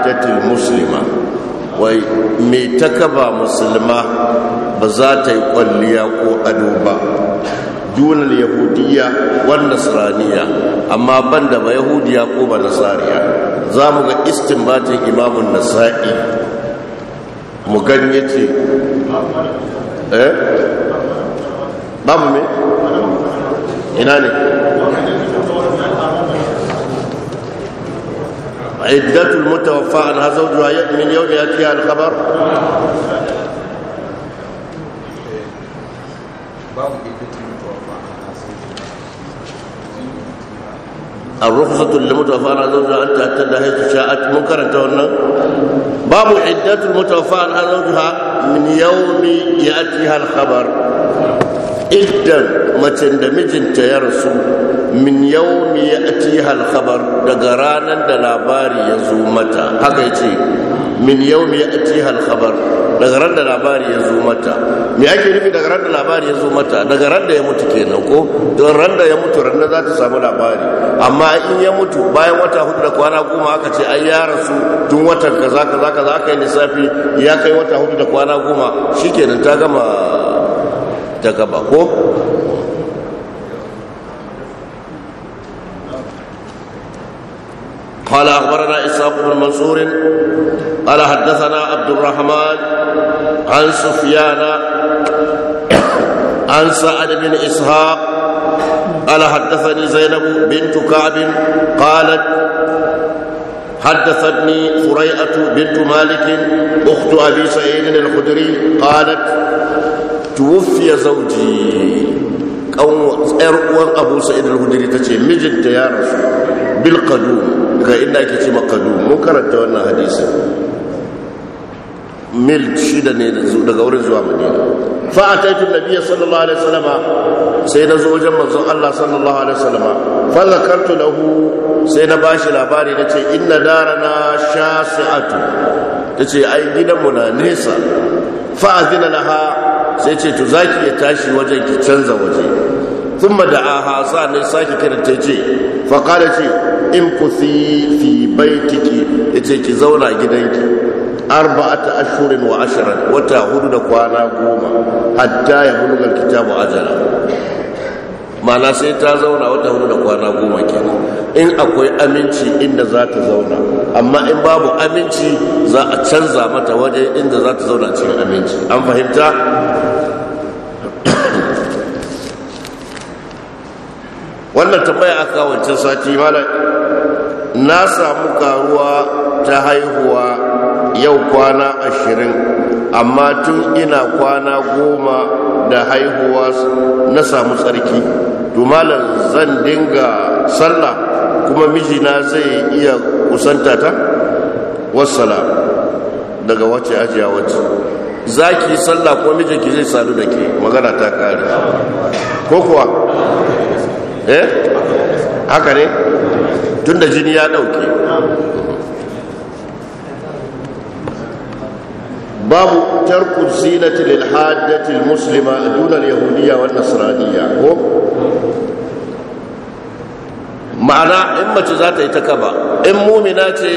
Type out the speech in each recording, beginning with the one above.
abdatul muslima wai mai takaba musulma ba za ta yi kwalliya ko ado ba dunar yahudiya wani Nasiraniya, amma banda ba yahudiya ko ba nasariya za mu ga istinbatin imamun nasa'i mu ganye ce eh me ina ne عدة المتوفى عنها زوجها من يوم يأتيها الخبر الرخصة للمتوفى عنها زوجها أن تعتد حيث شاءت منكرة باب عدة المتوفى عنها زوجها من يوم يأتيها الخبر إدا ما تندمجن يا رسول min yaumi ya'tiha al-khabar daga ranar da labari ya zo mata haka ce min yaumi ya'tiha al-khabar daga ran da labari ya zo mata me ake nufi daga ran da labari ya zo mata daga ran da ya mutu kenan ko don ran da ya mutu ran da za ta samu labari amma in ya mutu bayan wata hudu da kwana goma aka ce ai ya rasu tun watan kaza kaza kaza aka yi lissafi ya kai wata hudu da kwana goma shikenan ta gama ta gaba ko قال أخبرنا إسحاق بن منصور قال حدثنا عبد الرحمن عن سفيان عن سعد بن إسحاق قال حدثني زينب بنت كعب قالت حدثتني فريئة بنت مالك أخت أبي سعيد الخدري قالت توفي زوجي أو أبو سعيد الخدري تشي مجد يا رسول بالقدوم ga inda ake ce makadu mun karanta wannan hadisin mil shida ne daga wurin zuwa madina fa ataitu nabiyya sallallahu alaihi salama sai na zo wajen manzon Allah sallallahu alaihi wasallam fa zakartu lahu sai na bashi labari na ce inna darana shasi'atu tace ai gidanmu na nesa fa azina laha sai ce to zaki ya tashi wajen ki canza waje thumma da'aha sa ne saki kiranta ce fa qala ce imkusi fi baitiki yace ki zauna gidanki arba'ata Ashirin wa Ashirin, wata hudu da kwana goma hatta ya buluga kitabu ajala mana sai ta zauna wata hudu da kwana goma ke in akwai aminci inda za ta zauna amma in babu aminci za a canza mata waje inda za ta zauna cikin aminci an fahimta wannan tambaya wata sati na samu karuwa ta haihuwa yau kwana ashirin amma tun ina kwana goma da haihuwa na samu tsarki malam zan dinga sallah kuma mijina zai iya kusanta ta wassala daga wace ajiya wace za ki yi sallah ko mijinki zai sadu da ke magana ta kare ko kuwa eh haka ne tun da jini ya ɗauke babu tarkun zinati lil al muslima duna al yahudiya wan ko ma'ana in mace za ta yi ta kaba in mumina ce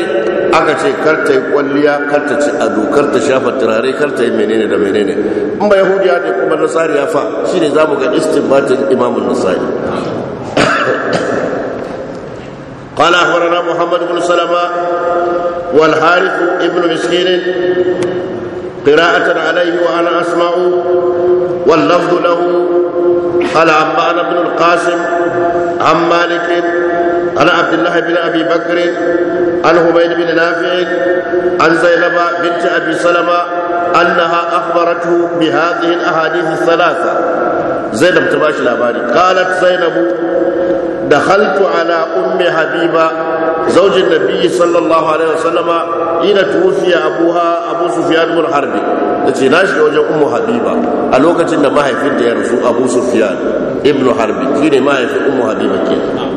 aka ce karta yi kwalliya karta ci ado ta shafa turare karta yi menene da menene in ba yahudiya ne kuma nasari fa shine zamu ga istinbatin imamun nasari قال اخبرنا محمد بن سلمه والحارث ابن مسكين قراءة عليه وأنا أسمع واللفظ له قال عبان بن القاسم عن مالك عن عبد الله بن أبي بكر عن هبيد بن نافع عن زينب بنت أبي سلمة أنها أخبرته بهذه الأحاديث الثلاثة زينب تباشر الأباني قالت زينب دخلت على أم حبيبة زوج النبي صلى الله عليه وسلم حين توفي أبوها أبو سفيان بن حرب تجي ناشي وجه أم حبيبة الوقت إن ما هي في يرسو أبو سفيان ابن حرب فيني ما هي في أم حبيبة كده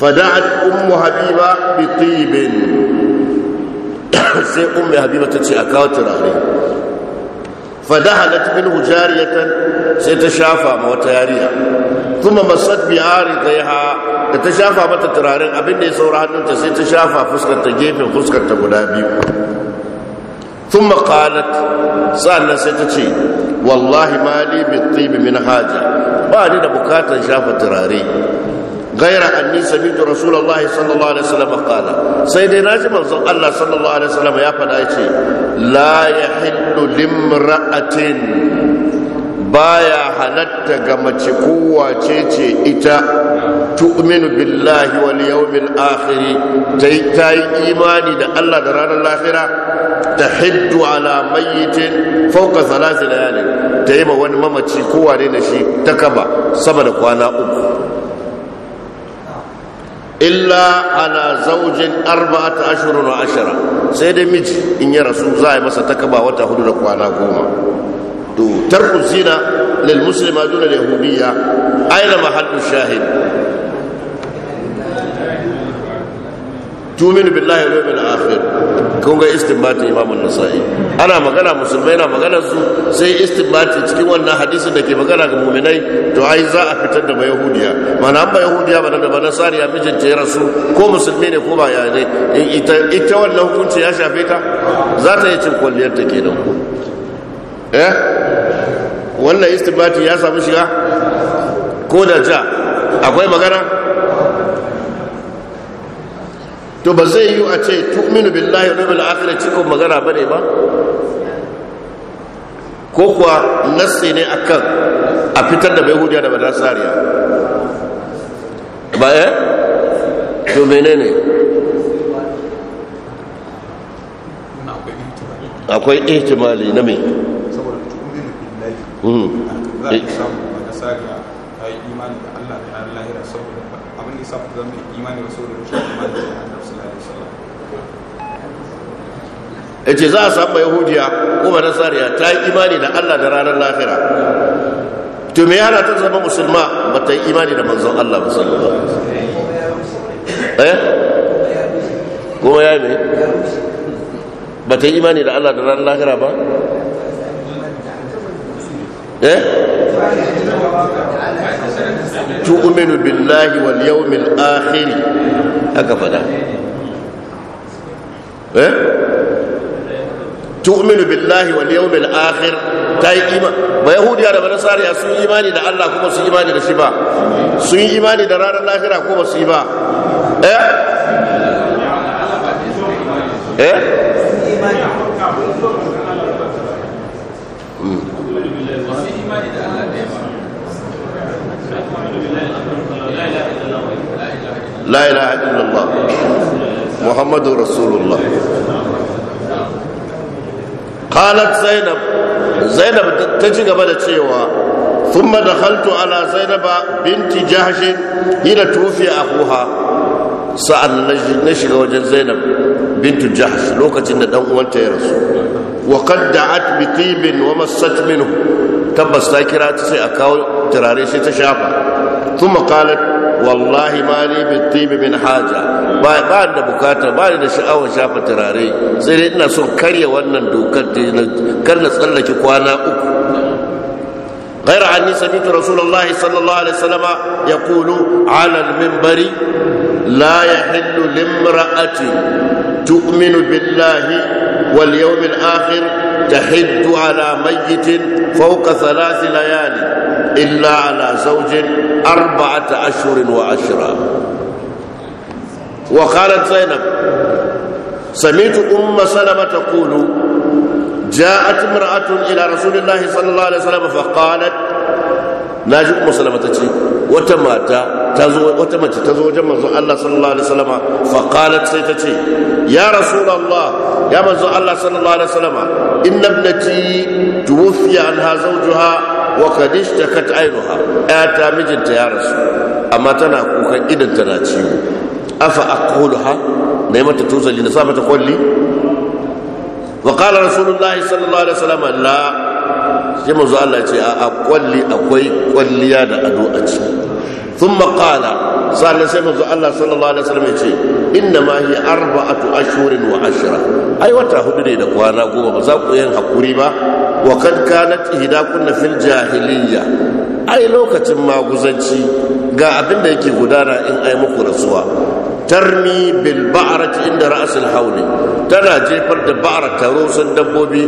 فدعت أم حبيبة بطيب سي أم حبيبة تجي أكاوتر عليه فدخلت منه جارية سيتشافى موتاريا kuma masat bihari aridha da ta shafa mata turaren abinda ya saura hannunta sai ta shafa fuskar gefen fuskarta guda biyu thumma qalat sannan sai ta ce wallahi ma li bi min haja ba ni da bukatar shafa turare غير أني سمعت رسول الله صلى الله عليه وسلم قال سيدنا ناجم الله صلى الله عليه وسلم يا فدايتي لا يحل لامرأة baya halatta ga mace kowace ce ita tu'minu billahi wal yawmil akhir tai tai imani da Allah da ranar lahira hiddu ala mayyitin fawqa thalath layali tai ma wani mamaci kowa ne da shi ta kaba sama da kwana uku illa ala zaujin arba'at ashrun wa ashara sai dai miji in ya rasu za a yi masa takaba wata hudu da kwana goma to tarku zina lil muslima duna al yahudiyya aina mahallu shahid tumin billahi wal yawmil akhir kun ga istinbati imam an-nasa'i ana magana musulmai na magana su sai istinbati cikin wannan hadisin da ke magana ga mu'minai to ai za a fitar da yahudiya mana an ba yahudiya ba da bana sariya mijin ce rasu ko musulmi ne ko ba ya ne ita ita wannan hukunci ya shafe ta za ta yi cin kwalliyar ta kenan eh wannan istibati ya samu shiga ko da ja akwai magana to ba zai yi a ce tu'minu billahi wa bil akhirah cikin magana bane ba ko kuwa nasi ne akan a fitar da yahudiya da badasariya ba eh to menene akwai ihtimali na me za a samu wata sariya ta yi ba za a samu yahudiya kuma nasariya ta yi imani da Allah da ranar lahira to me yana ta zama musulma ba ta yi imani da manzon Allah ba eh kuma ya ne ba ta yi imani da Allah da ranar lahira ba eh tu'minu billahi wal yawmil akhir haka fada eh tu'minu billahi wal yawmil akhir kai iman ba yahudiya da nasara ya sun imani da Allah kuma sun imani da shi ba sun imani da ranar lahira ko ba su yi ba eh eh la ilaha illallah muhammadu rasulullah qalat zainab zainab ta ci gaba da cewa thumma dakhaltu ala zainaba binti jahsh hina tufi akuha sa'an na shiga wajen zainab bintu jahsh lokacin da dan uwanta ya rasu wa qad da'at bi tibin wa massat minhu tabbas ta kira ta sai a kawo turare sai ta shafa thumma qalat wallahi ma bi fitibi min haja ba da bukatar ba da sha'awar shafa turare sai dai ina son karya wannan dokar kar na tsallake kwana uku غير عني سمعت رسول الله صلى الله عليه وسلم يقول على المنبر لا يحل لامرأة تؤمن بالله واليوم الآخر تحد على ميت فوق ثلاث ليالي إلا على زوج أربعة أشهر وعشرة وقالت زينب سمعت أم سلمة تقول جاءت امرأة إلى رسول الله صلى الله عليه وسلم فقالت na ji umar salama ta ce wata mata ta zo wata mace ta zo wajen manzon Allah sallallahu alaihi wasallama fa qalat sai ta ce ya rasulullah ya manzon Allah sallallahu alaihi wasallama inna ibnati tuwfiya anha zawjuha wa qad ishtakat aynuha ta mijinta ya rasu amma tana kukan idan tana ciwo afa aqulha nayi mata tuzali na sa mata kwalli wa qala rasulullahi sallallahu alaihi wasallama la sai mazu Allah ce a kwalli akwai kwalliya da ado a ciki thumma qala sannan sai mazu Allah sallallahu alaihi wasallam ce inna ma hi arba'atu ashhurin wa ashra ai wata hudu ne da kwana goma ba za ku yin hakuri ba wa kad kanat ihdakunna fil jahiliyya ai lokacin maguzanci ga abin da yake gudana in ai muku rasuwa tarmi bil ba'rati inda ra'sul hauni tana jefar da ba'ra taro san dabbobi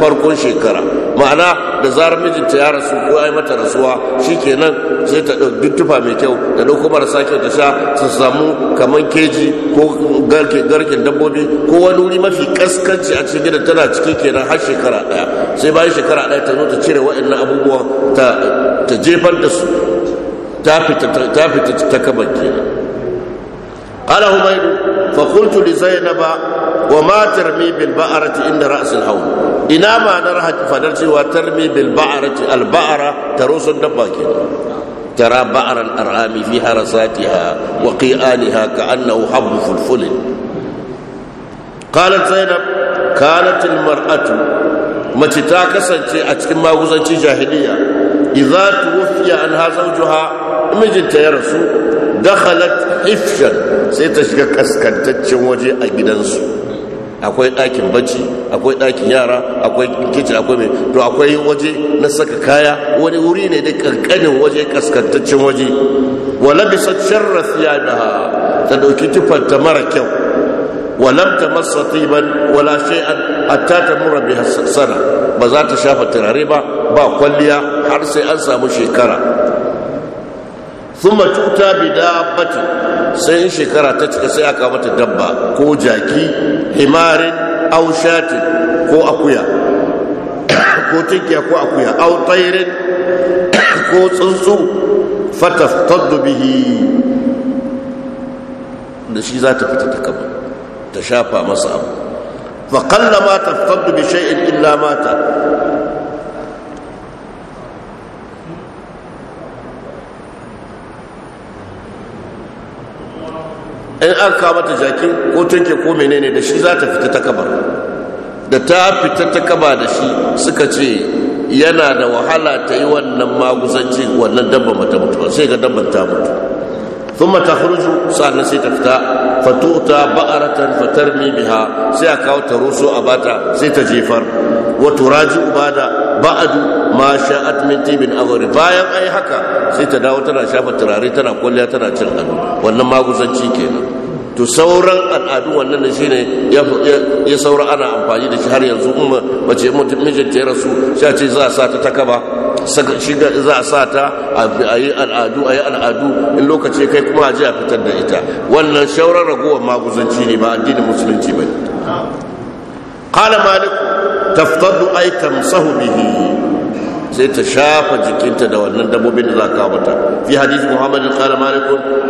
farkon shekara ma'ana da zarar mijinta ya rasu ko ai mata rasuwa shikenan sai ta dauki tufa mai kyau da dauko marasa kyau ta sha ta samu kaman keji ko garke garken dabbobi ko wani wuri mafi kaskanci a cikin gidan tana cikin kenan har shekara daya sai bayan shekara daya ta zo ta cire waɗannan abubuwan ta jefar da su ta fita ta fita ta kenan قال هبيل فقلت لزينب وما ترمي بالبعرة عند رأس الحول إنا ما نرهج فنرجي وترمي بالبعرة البعرة تروس النباكين ترى بعر الأرعام في حرساتها وقيآنها كأنه حب فلفل قالت زينب كانت المرأة متتاكسة أتكما وزنتي جاهلية إذا توفي عنها زوجها مجنت يا رسول دخلت ifshan sai ta shiga kaskantaccen waje a gidansu akwai ɗakin bacci akwai ɗakin yara akwai kicin akwai mai to akwai waje na saka kaya wani wuri ne da ƙanƙanin waje kaskantaccen waje wala bisa sharrafi ya ta ɗauki tufanta mara kyau wala ta masa tiban wala an hatta ta mura bi sana ba za ta shafa turare ba ba kwalliya har sai an samu shekara thumma tuta bi dabbati sai in shekara ta cika sai aka mata dabba ko jaki himarin aw shatin ko akuya ko tinkiya ko akuya aw tayrin ko tsuntsu fataftadu bihi da shi za ta fita ta kama ta shafa masa abu fa qallama taftadu bi shay'in illa mata in aka kawo mata jakin ko tunke ko menene da shi za ta fita ta kaba da ta fita ta kaba da shi suka ce yana da wahala ta yi wannan maguzancin wannan dabba mata mutu sai ga dabban ta mutu biha sai a kawo ta roso a bata sai ta jefar wato raji ubada ba'adu ma sha'at min tibin aghari bayan ai haka sai ta dawo tana shafa turare tana kwalliya tana cin ado wannan maguzanci kenan to sauran al'adu wannan ne shine ya saura ana amfani da shi har yanzu in mace mutum mijin ta rasu sai ce za a sa ta takaba za a sa ta a yi al'adu a yi al'adu in lokaci kai kuma a ji a fitar da ita wannan shauran ragowar maguzanci ne ba addinin musulunci ba qala malik taftadu ay tamsahu bihi sai ta shafa jikinta da wannan dabbobin da za ka mata fi hadisi muhammad qala malik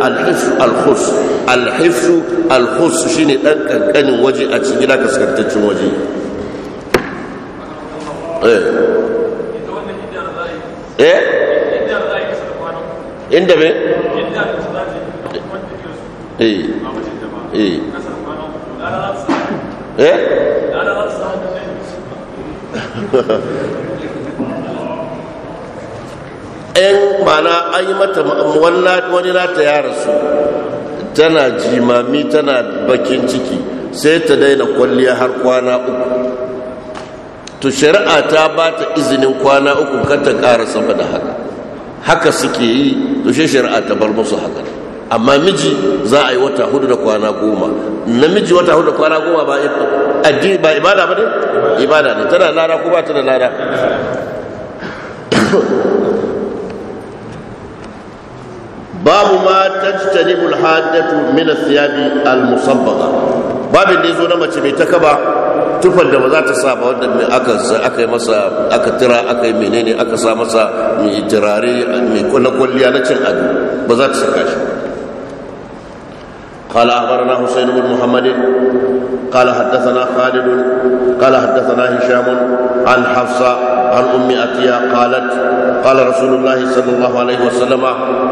al-hifz al-khus al-hifz al-khus shine dan kankanin waje a cikin gida kaskantaccen waje eh eh inda me eh eh eh yan mana an yi mata wani nata ya rasu tana jimami tana bakin ciki sai ta daina kwalliya har kwana uku to shari'a ta ba ta izinin kwana uku kan ta ƙara sama da haka haka suke yi to shi shari'a ta bar musu haka amma miji za a yi wata hudu da kwana goma namiji wata hudu da kwana goma ba addini ba ibada ba ne ibada ne tana lara ko ba ta da lara babu ma tajtanibu al-haddatu min ath al musabbaga babin da zo na mace mai takaba tufar da ba za ta sa ba wanda aka aka yi masa aka tira aka yi menene aka sa masa mai turare mai kullu kwalliya na cin ado ba za ta saka shi قال أخبرنا حسين بن محمد قال حدثنا خالد قال حدثنا هشام عن حفصة عن أم أتيا قالت قال رسول الله صلى الله عليه وسلم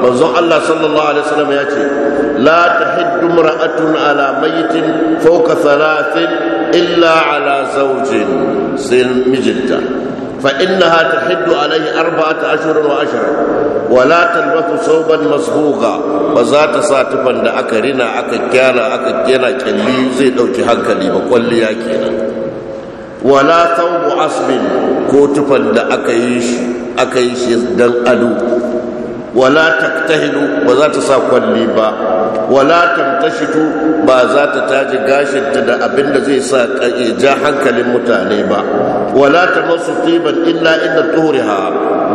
منظر الله صلى الله عليه وسلم يأتي لا تحد امرأة على ميت فوق ثلاث إلا على زوج سلم مجلتا فإنها تحد عليه أربعة أشهر وعشرة ولا تلبث ثوبا مصبوغا فذات ساتفا دا أكرنا أككيانا أككيانا كلي زي دوكي هنكلي وكلي ياكينا ولا ثوب عصب كوتفا دا أكيش أكيش دل أدو wala taktahinu ba za ta sa kwalli ba wala tamtashitu ba za ta taji gashinta da abin da zai sa ja hankalin mutane ba wala tamassu tiban illa inda tuhriha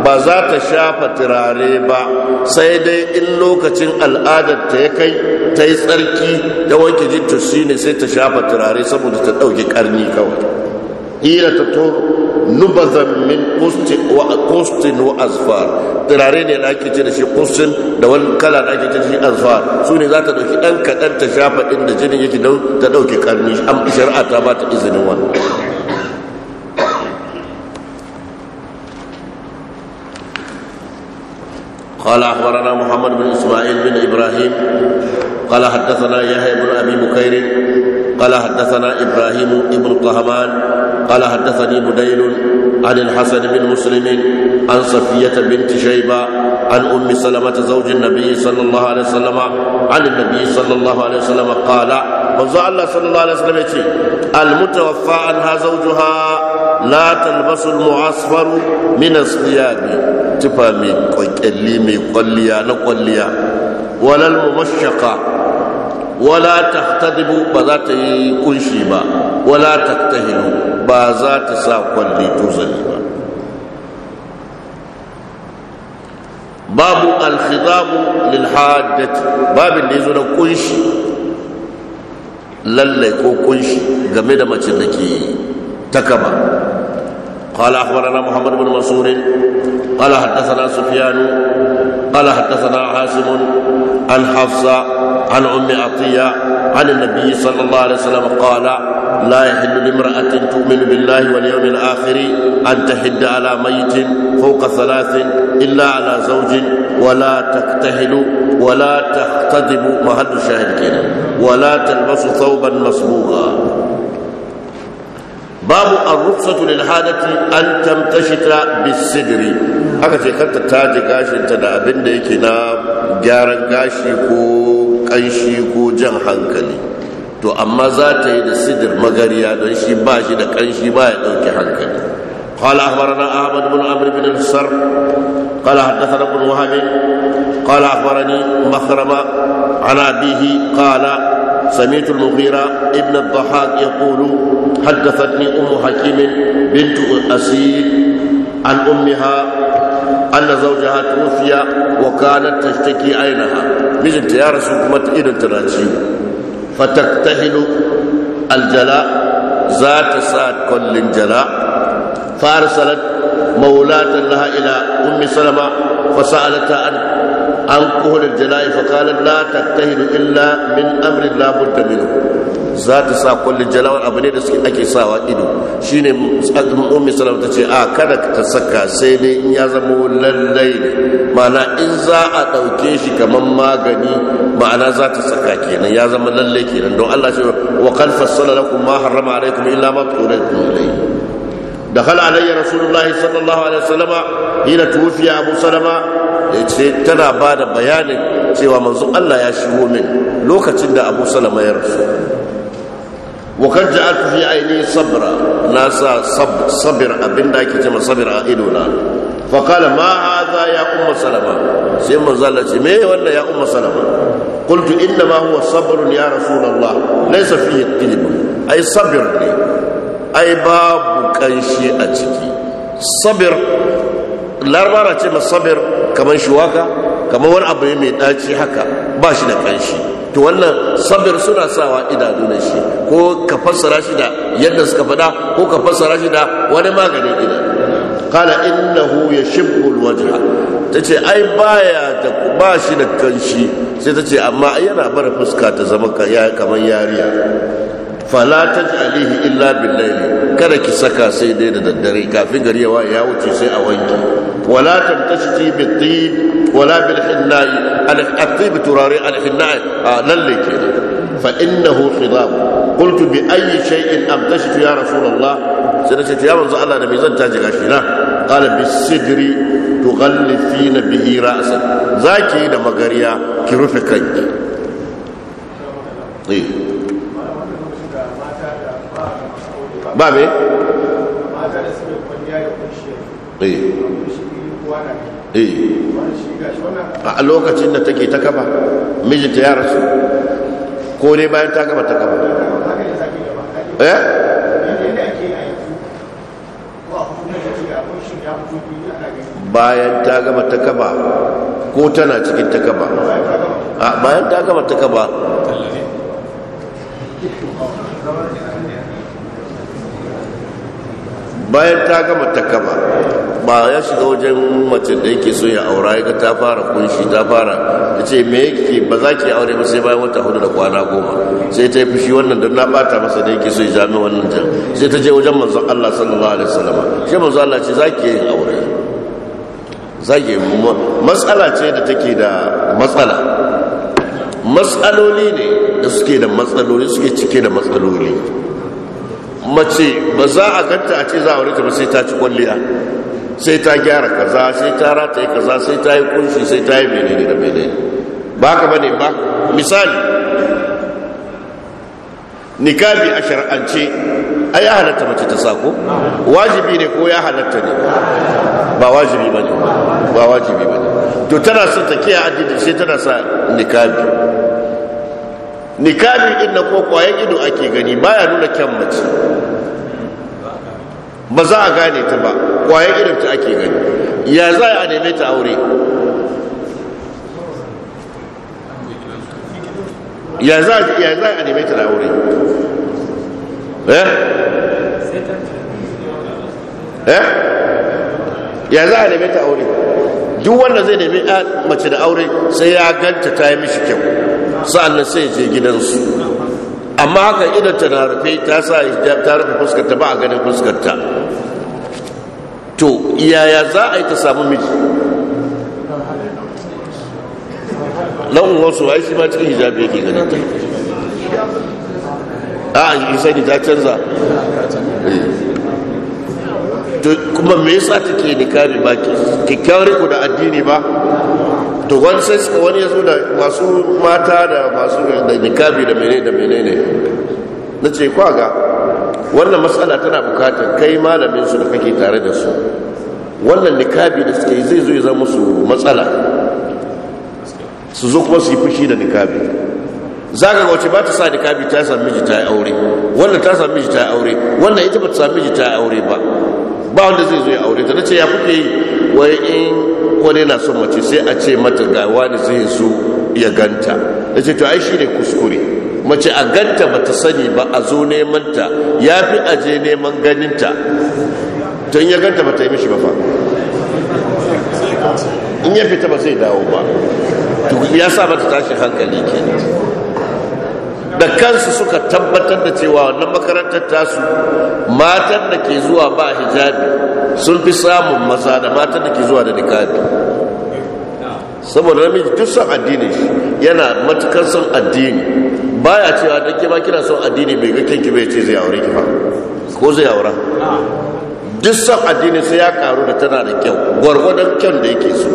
ba za ta shafa turare ba sai dai in lokacin al'adar ta ya kai ta yi tsarki da wanke jittu shine sai ta shafa turare saboda ta ɗauki karni kawai Hira ta turo lubazan min kustin wa wa azfar turare ne da ake ce da shi kustin da wani kala da ake ce da shi azfar su ne za ta ɗauki ɗan kaɗan ta shafa inda jinin yake ta ɗauki karni an shari'a ta ba ta izinin wani قال اخبرنا محمد بن اسماعيل بن ابراهيم قال حدثنا يحيى بن ابي بكير قال حدثنا إبراهيم ابن قهمان قال حدثني بديل عن الحسن بن مسلم عن صفية بنت شيبة عن أم سلمة زوج النبي صلى الله عليه وسلم عن النبي صلى الله عليه وسلم قال manzo Allah sallallahu alaihi wasallam yace al mutawaffa anha zawjuha la talbasu al mu'asfar min as-siyab tufa mai kwalli kwalliya na kwalliya walal mubashshaqa wala tahtadibu ba za ta yi kunshi ba wala taktahilu ba za ta sa kwalli tuzali ba babu alkhidabu lil haddati babin da yazo da kunshi lalle ko kunshi game da mace da ke takaba qala akhbarana muhammad ibn mansur qala hadathana sufyan قال حدثنا عاصم عن حفصة عن أم عطية عن النبي صلى الله عليه وسلم قال لا يحل لامرأة تؤمن بالله واليوم الآخر أن تحد على ميت فوق ثلاث إلا على زوج ولا تكتهل ولا تختضب محل شاهد كده ولا تلبس ثوبا مصبوغا babu ar-rukhsatu lil hadati an tamtashita bis aka ce kar ta taji gashin ta da abin da yake na gyaran gashi ko kanshi ko jan hankali to amma za ta yi da sidir magariya don shi ba shi da kanshi ba ya dauki hankali قال اخبرنا احمد بن عمرو بن السر قال حدثنا ابن وهب قال اخبرني مخرمه عن ابيه قال سمعت المغيرة ابن الضحاك يقول حدثتني أم حكيم بنت أسيد عن أمها أن زوجها توفي وكانت تشتكي عينها بجنت يا رسول كما إلى تراجي فتكتهل الجلاء ذات ساعة كل جلاء فأرسلت مولاة لها إلى أم سلمة فسألتها أن عن قهر الجلاء فقال لا تجتهد إلا من أمر لا بد منه ذات سا كل abu ne da suke ake sawa ido shine ummi salama tace a kada ka saka sai dai in ya zama lallai ma'ana in za a dauke shi kaman magani ma'ana za ta saka kenan ya zama lallai kenan don Allah ce wa qad fassala lakum ma harrama alaykum illa ma tuqulun ilayhi دخل علي رسول sallallahu alaihi الله عليه tana ba da bayanin cewa manzo Allah ya shigo min lokacin da Abu Salama ya rasu wa kan ja'altu fi aini sabra na sa sabir abinda ake cewa sabir a ido na fa qala ma hadha ya umma salama sai manzo Allah ce me wannan ya umma salama qultu inna ma huwa sabrun ya Allah laysa fi qilb ai sabir ne ai babu kanshi a ciki sabir larbara ce masabir kamar shuwaka kamar wani abu mai daci haka ba shi da kanshi to wannan sabir suna sawa idanu shi ko ka fassara shi da yadda suka fada ko ka fassara shi da wani maganin gida kala innahu ya shibbul wajha ta ce ai baya da ba shi da kanshi sai ta ce amma yana bar fuska ta zama kamar yariya fala ta ji alihi illa billahi kada ki saka sai dai da daddare kafin gari ya wuce sai a wanke ولا تمتشتي بالطيب ولا بالحناء الطيب تراري الحناء آه للي كده فإنه خضاب قلت بأي شيء أمتشت يا رسول الله سنشت يا من الله نبي زن تاجي قال بالسدر تغلفين به رأسا ذاكي لما قريا كرف كنك إيه بابي إيه Eh. a lokacin da take ta kaba mijinta ya rasu ko ne bayan ta kafa ta kafa bayan ta gama ta kaba ko tana cikin ta kaba a bayan ta gama ta kaba bayan ta gama ta kaba ba ya shiga wajen mace da yake so ya aura ya ta fara kunshi ta fara ta ce me yake ba za ki aure ba sai bayan wata hudu da kwana goma sai ta yi fushi wannan don na bata masa da yake so ya jami wannan jan sai ta je wajen manzon Allah sallallahu alaihi wasallam sai manzon Allah ce za ki yi aure za ki matsala ce da take da matsala matsaloli ne da suke da matsaloli suke cike da matsaloli mace ba za a ganta a ce za a aure ta ba sai ta ci kwalliya sai ta gyara kaza sai ta rataye kaza sai ta yi kunshi sai ta yi menene da menene ba ka bane ba misali nikabi a shar'ance a ya halatta mace ta sako wajibi ne ko ya halatta ne ba wajibi ba ne ba wajibi ba ne to tana son ta kiyaye addini sai tana sa nikabi nikabi din na ko kwayan ido ake gani baya nuna kyan mace ba za a gane ta ba Waye irin ta ake gani ya za a neme ta aure ya za a neme ta aure eh? Eh? ya za a neme ta aure duk wanda zai nemi mace da aure sai ya ganta ta yi mishi kyau sa'annan sai je gidansu amma haka idan ta na rufe ta sa ta rufe fuskarta ba a ganin fuskarta yaya za a yi ta samu miji nan wasu ai shi ma cikin hijabi yake ganin ta a yi sani ta canza eh. kuma me yasa take kari ba kyakkyawar ku da addini ba to wani sai suka wani ya zo da masu mata da masu da nikabi da menene da menene na ce kwaga wannan matsala tana bukatar kai malamin su da kake tare da su wannan nikabi da suka yi zai zo ya zama musu matsala su zo kuma su yi fushi da nikabi za ga wace ba ta sa nikabi ta sami miji ta yi aure wannan ta sami miji ta yi aure wannan ita ba ta sami miji ta yi aure ba ba wanda zai zo ya aure ta nace ya kuke yi wai in wani na son mace sai a ce mata ga wani zai zo ya ganta Da ce to ai shi ne kuskure mace a ganta ba ta sani ba a zo neman ta ya fi aje neman ganinta ta ya ganta ba ta yi mishi ba fa in ya fita ba zai dawo ba ya sa mata tashi hankali ke da kansu suka tabbatar da cewa wannan makarantar tasu matan da ke zuwa ba hijabi sun fi samun maza da matan da ke zuwa da nikabi saboda namiji duk son addini yana matukar son addini baya cewa don kima kira son addini mai gakin ki bai ce zai aure ki ko zai aura duk son addini sai ya karu da tana da kyau gwargwadon kyan da yake so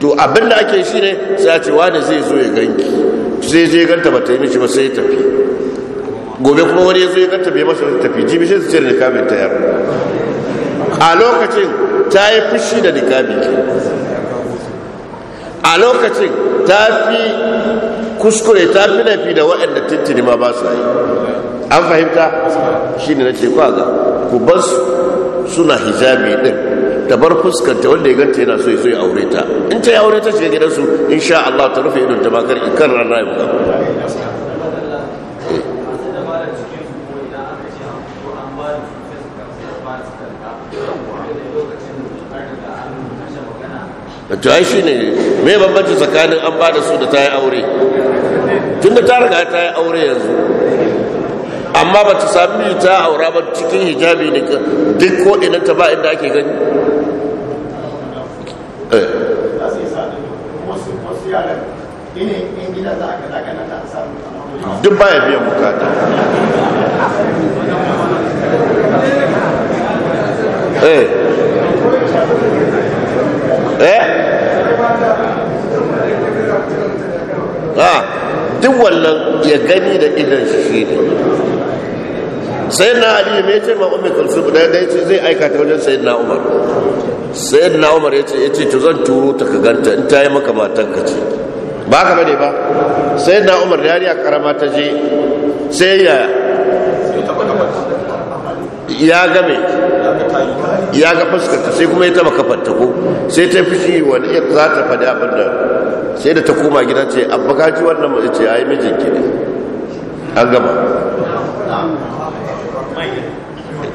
to abinda ake shi ne sai a ce wani zai zo ya ganki sai zai ganta ba ta yi mishi ba sai ya tafi gobe kuma wani ya zo ya ganta bai masa tafi ji sai su ce nikabin ta yaro a lokacin ta yi fushi da nikabin a lokacin ta fi kuskure ta fi fi da waɗanda tintini ma ba su yi an fahimta shi ne na ce kwaga ku bar suna hijabi din ta bar fuskanta wanda ya ganta yana so ya so ya aure ta in ta ya aure ta shiga gidansu insha Allah ta rufe idon ta bakar ikan ran rayu ga eh. to shi ne me bambanci tsakanin an ba da su da ta yi aure tunda ta riga ta yi aure yanzu amma ba ta sami ta aura ba cikin hijabi ne duk ko ina ta ba inda ake gani eh. duk baya biyan bukata eh. Eh. Ah. duk wannan ya gani da idan shi ne sayyidina ali me ce ma umar kulsum da ya ce zai aika ta wajen sayyidina umar sayyidina umar ya ce to zan turo ta ka ganta in ta yi maka matan ka ce ba ka bane ba sayyidina umar ya riya karama ta je sai ya ya game ya ga fuskarta sai kuma ya taba ta ko sai ta fishi wani ya za ta faɗi abin da sai da ta koma gida ce abba kaji wannan mace ce yi mijinki ne an gama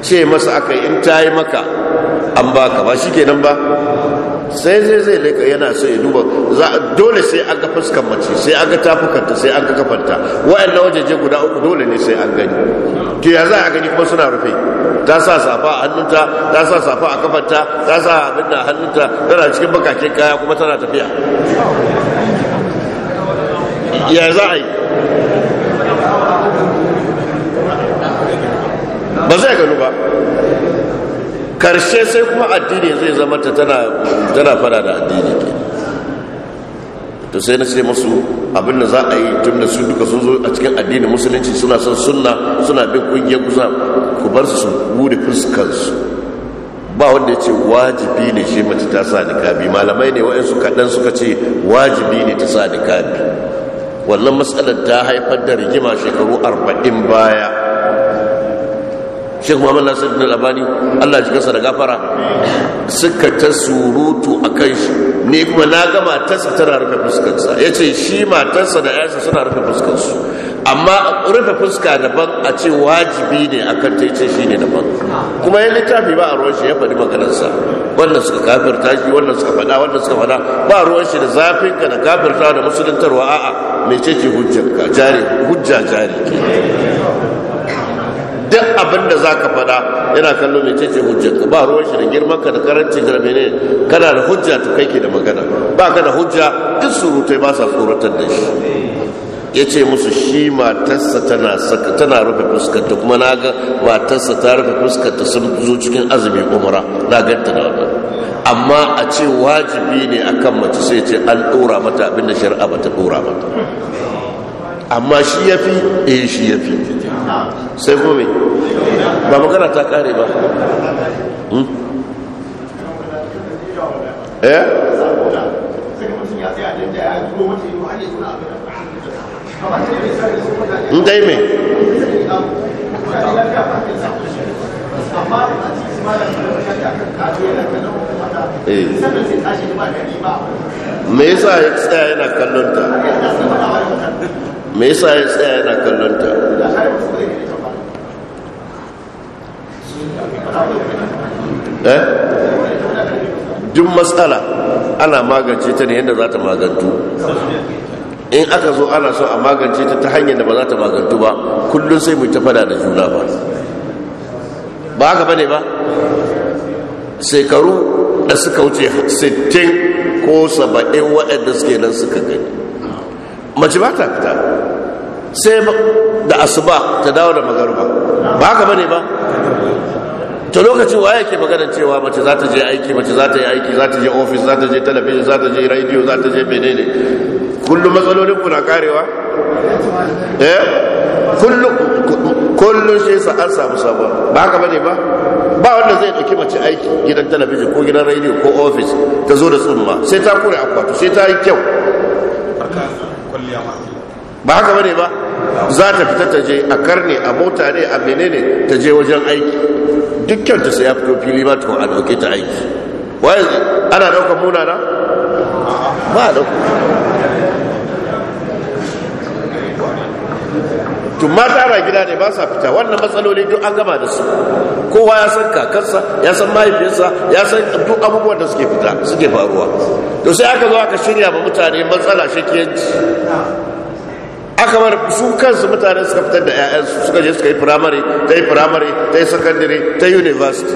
ce masa aka in ta yi maka an baka ba shi nan ba sai zai zai laika yana so ya duba dole sai an ga fuskan mace sai an ga tafukanta sai an ga kafanta na wajeje guda uku dole ne sai an gani to ya za a gani kuma suna rufe ta sa safa a hannunta ta sa safa a kafanta ta sa abin da hannunta tana cikin bakakin kaya kuma tana tafiya ya za a yi ba zai gano ba karshe sai kuma addini zai zama ta tana fada da addini ke to sai na ce masu abin da za a yi tun da su duka sun zo a cikin addini musulunci suna son sunna suna bin kungiyar kusa ku bar su wuri fuskansu ba wanda ya ce wajibi ne shi mace ta sa ni kabi. malamai ne su kaɗan suka ce wajibi ne ta sa ni kabi. wannan matsalar ta haifar da rigima shekaru arba'in baya Sheikh Muhammad Nasir bin Albani Allah ya kasa da gafara suka ta surutu akan shi ni kuma na ga matarsa tana rufe fuskar sa yace shi matarsa da ƴarsa suna rufe fuskar su amma rufe fuska daban a ce wajibi ne akan ta yace ne daban kuma ya littafi ba a ruwan shi ya faɗi maganar sa wannan suka kafirta shi wannan suka faɗa wannan suka faɗa ba ruwan shi da zafin ka da kafirta da musuluntarwa a'a mecece hujjar ka jari hujja jari duk abin da za ka faɗa yana kallo mai cece ka. ba ruwan shi da girman ka da karanci da mene kana da hujja ta kai ke da magana ba ka da hujja duk surutai ba sa tsoratar da shi ya ce musu shi matarsa tana saka tana rufe fuskarta kuma na ga matarsa ta rufe fuskarta sun zo cikin azumi umara na ganta da wannan amma a ce wajibi ne akan mace sai ce an ɗora mata abinda shari'a bata ɗora mata amma shi ya fi eh shi ya fi sai kuma ba magana ta kare ba hmm? eh in dai me eh. me yasa ya tsaya yana kallonta? me yasa ya tsaya yana kallonta? Eh? duk matsala ana magance ta ne yadda za ta magantu in aka zo ana so a magance ta ta hanyar da ba za ta magantu ba kullum sai mu tafada da juna ba ba haka bane ba shekaru da suka wuce 60 ko 70 waɗanda suke nan suka gani mace ba ta fita sai da asuba ta dawo da magaruba ba haka bane ba to lokacin wa yake magana cewa mace za ta je aiki mace za ta yi aiki za ta je ofis za ta je talabijin za ta je radio za ta je menene kullum matsalolin kuna karewa eh kullum kullum shi sa an samu sabo ba haka bane ba ba wanda zai dauki mace aiki gidan talabijin ko gidan radio ko ofis ta zo da tsumma sai ta kure akwatu sai ta yi kyau ba haka bane ba za ta fita ta je a karne a mota ne a menene ta je wajen aiki duk kyanta sai ya fito fili ba tukun a ɗauke ta aiki waye ana ɗaukar muna na ba a ku. tun mata ba gida ne ba sa fita wannan matsaloli duk an gama da su kowa ya san kakarsa ya san mahaifinsa ya san duk abubuwan da suke fita suke faruwa to sai aka zo aka shirya ba mutane matsala shakiyanci aka bar su kansu mutane suka fitar da su suka je suka yi firamare ta yi firamare ta yi sakandare ta university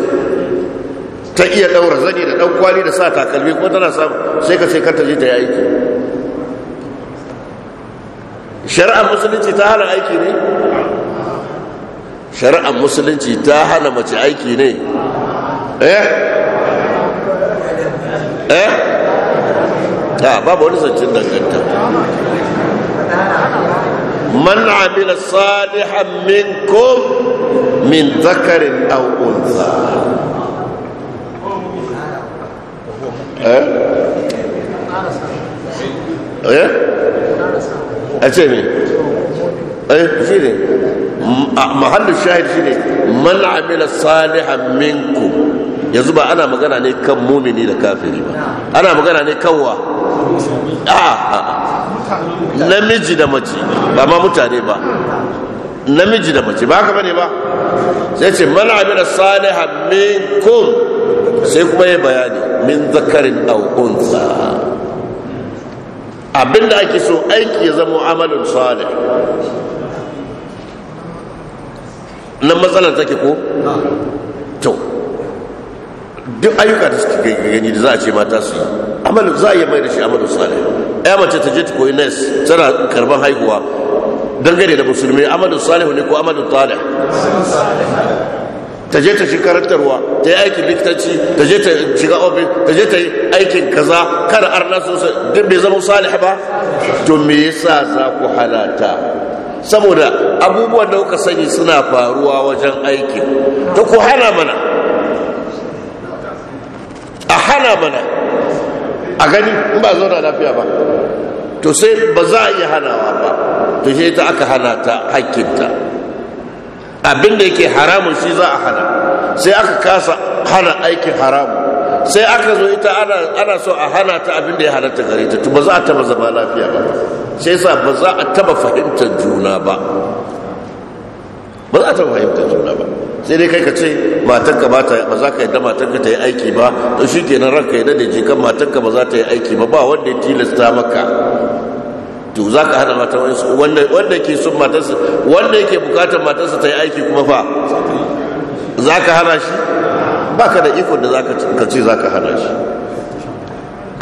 ta iya ɗaura zane da ɗan kwali da sa takalmi kuma tana samu sai ka sai kanta je ta yi aiki shari'ar musulunci ta hana aiki ne shari'ar musulunci ta hana mace aiki ne eh eh ta ah, babu wani zancen danganta من عمل صالحا منكم من ذكر أو أنثى أه؟ أه؟ أتمي أه؟ شيني محل الشاهد شيني من عمل صالحا منكم يزبا أنا مغانا ني كم مؤمني لكافرين أنا مغانا ني كوا آه آه namiji da mace ba ma mutane ba namiji da mace ba ka bane ba sai ce man amila salihan minkum sai kuma yi bayani min zakarin aw unsa abinda ake so aiki ya zama amalin salih nan matsalar take ko to duk ayyuka da suke gani da za a ce mata su yi amalin za a yi mai da shi amalin salih ya mace ta je ta koyi nes tana karban haihuwa dangane da musulmi amadu salihu ne ko amadu talih ta je ta shi karantarwa ta yi aikin likitanci ta je ta shiga ofis ta je ta yi aikin kaza kada arna sosai duk bai zama salih ba to me yasa za ku halata saboda abubuwan da kuka sani suna faruwa wajen aikin to ku hana mana a hana mana a gani in ba zauna lafiya ba to sai ba za a iya hanawa ba to shi ta aka hana ta hakkinta abinda yake haramun shi za a hana sai aka kasa hana aikin haramun sai aka zo ita ana so a hana ta abin da ya halatta gare ta ba za a taba zama lafiya ba sai sa ba za a taba fahimtar juna ba ba za a taba fahimtar juna ba sai dai kai ka ce matanka ba ta ba za ka yadda matanka ta yi aiki ba to shi nan ranka yadda da jikan matanka ba za ta yi aiki ba ba wanda ya tilasta maka to za ka hana matan wanda wanda ke son matarsa wanda yake bukatar matarsa ta yi aiki kuma fa za ka hana shi ba ka da ikon da ka ce za ka hana shi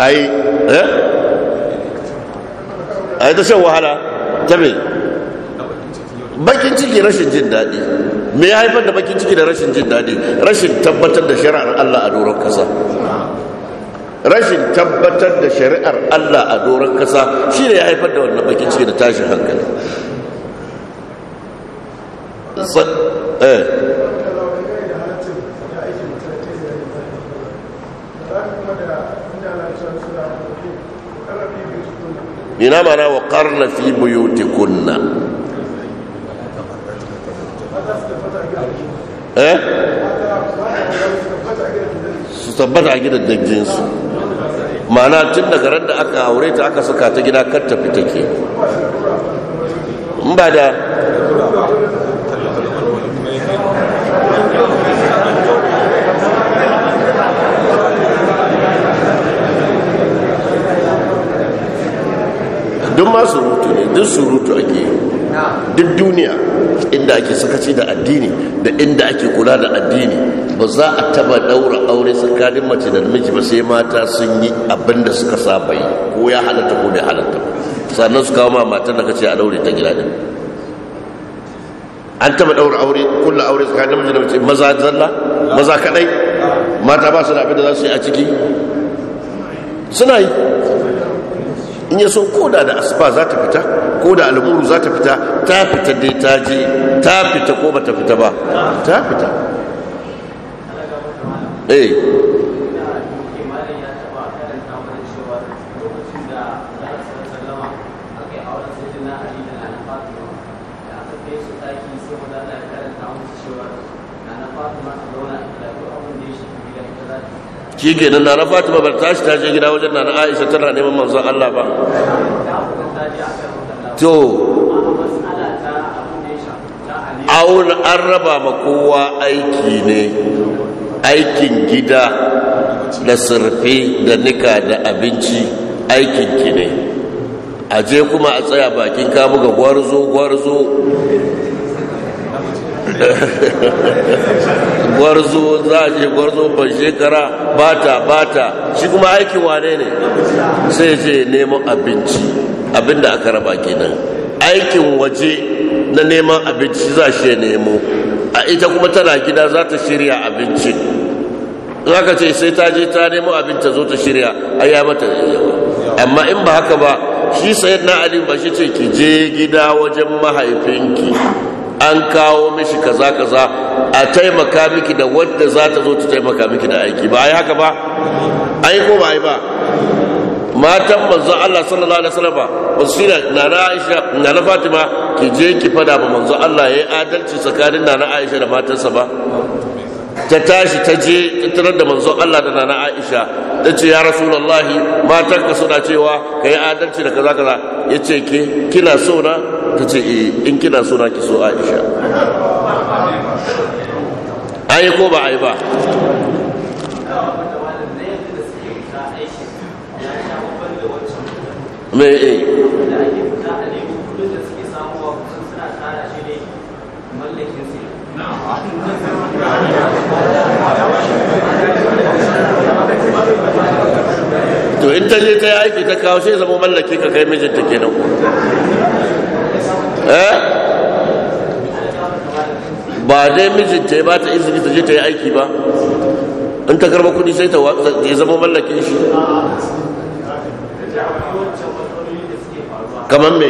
ai eh ai ta shan wahala ta me bakin ciki rashin jin daɗi me ya haifar da bakin ciki da rashin jin daɗi rashin tabbatar da shari'ar Allah a doron kasa rashin tabbatar da shari'ar Allah a doron kasa shi ne ya haifar da wannan bakin ciki da tashin hankali eh. ina mana wa karna fi buyuti kunna eh su tabbata a gidan dangijinsu ma'ana tun daga ran da aka aure ta aka suka ta gida kan ta take ke in ba da duk ma rutu ne duk rutu ake yi duk duniya inda ake sakaci da addini da inda ake kula da addini ba za a taba daura aure tsakanin mace da namiji ba sai mata sun yi abin da suka saba yi ko ya halatta ko bai halatta sannan su kawo ma matar da kace a daure ta gida din an taba daura aure kullu aure tsakanin namiji da mace maza zalla maza kadai mata ba su da abin da za su yi a ciki suna yi in ya so koda da asuba za ta fita ko da almuru za ta fita ta fita dai ta je ta fita ko ba ta fita ba ta fita eh shi ke nan nana fatima bar tashi ta je gida wajen nana aisha tana neman manzon allah ba to an raba ma kowa aiki ne aikin gida da surfe da nika da abinci aikin ki ne a je kuma a tsaya bakin kamu ga gwarzo gwarzo gwarzo za a je gwarzo ban shekara bata bata shi kuma aikin wane ne sai je neman abinci abinda aka raba kenan aikin waje na neman abinci za shi nemo a ita kuma tana gida za ta shirya abinci za ka ce sai ta je ta nemo abin ta zo ta shirya a ya mata amma in ba haka ba shi sayar na ali ba shi ce ki je gida wajen mahaifinki an kawo mishi kaza kaza a taimaka miki da wadda za ta zo ta taimaka miki da aiki ba ai haka ba ai ko ba ai ba matan manzon Allah sallallahu alaihi wasallam basira nana aisha nana fatima ki je ki fada ba manzo Allah ya yi adalci tsakanin nana aisha da matarsa ba ta tashi ta je tattalar da manzo Allah da nana aisha ta ce ya rasulullahi matarka suna cewa ka yi adalci da kaza kaza ya ce ke kina so na ta ce e in kina so na ki so aisha yi ko ba yi ba mai eh. to in ta je ta yi aiki ta kawo sai zama mallake ka kai mijinta kenan eh ba dai mijinta ba ta izini ta je ta yi aiki ba in ta karba kudi sai ta zama mallake shi kamar me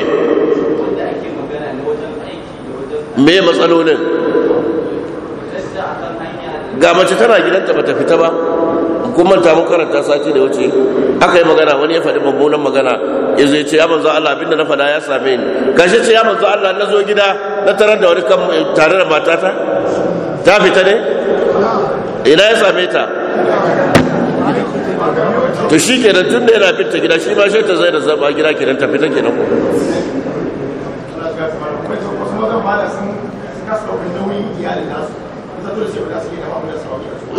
me matsalolin ga mace tana gidanta bata fita ba kun manta mun karanta sati da wuce aka yi magana wani ya faɗi mummunan magana ya zai ce ya manzo Allah abinda na faɗa ya same ni gashi ce ya manzo Allah na zo gida na tarar da wani tare da matata ta fita ne ina ya same ta to shi nan tun da yana fita gida shi ma shi ta zai da zaba gida kenan ta fita kenan ko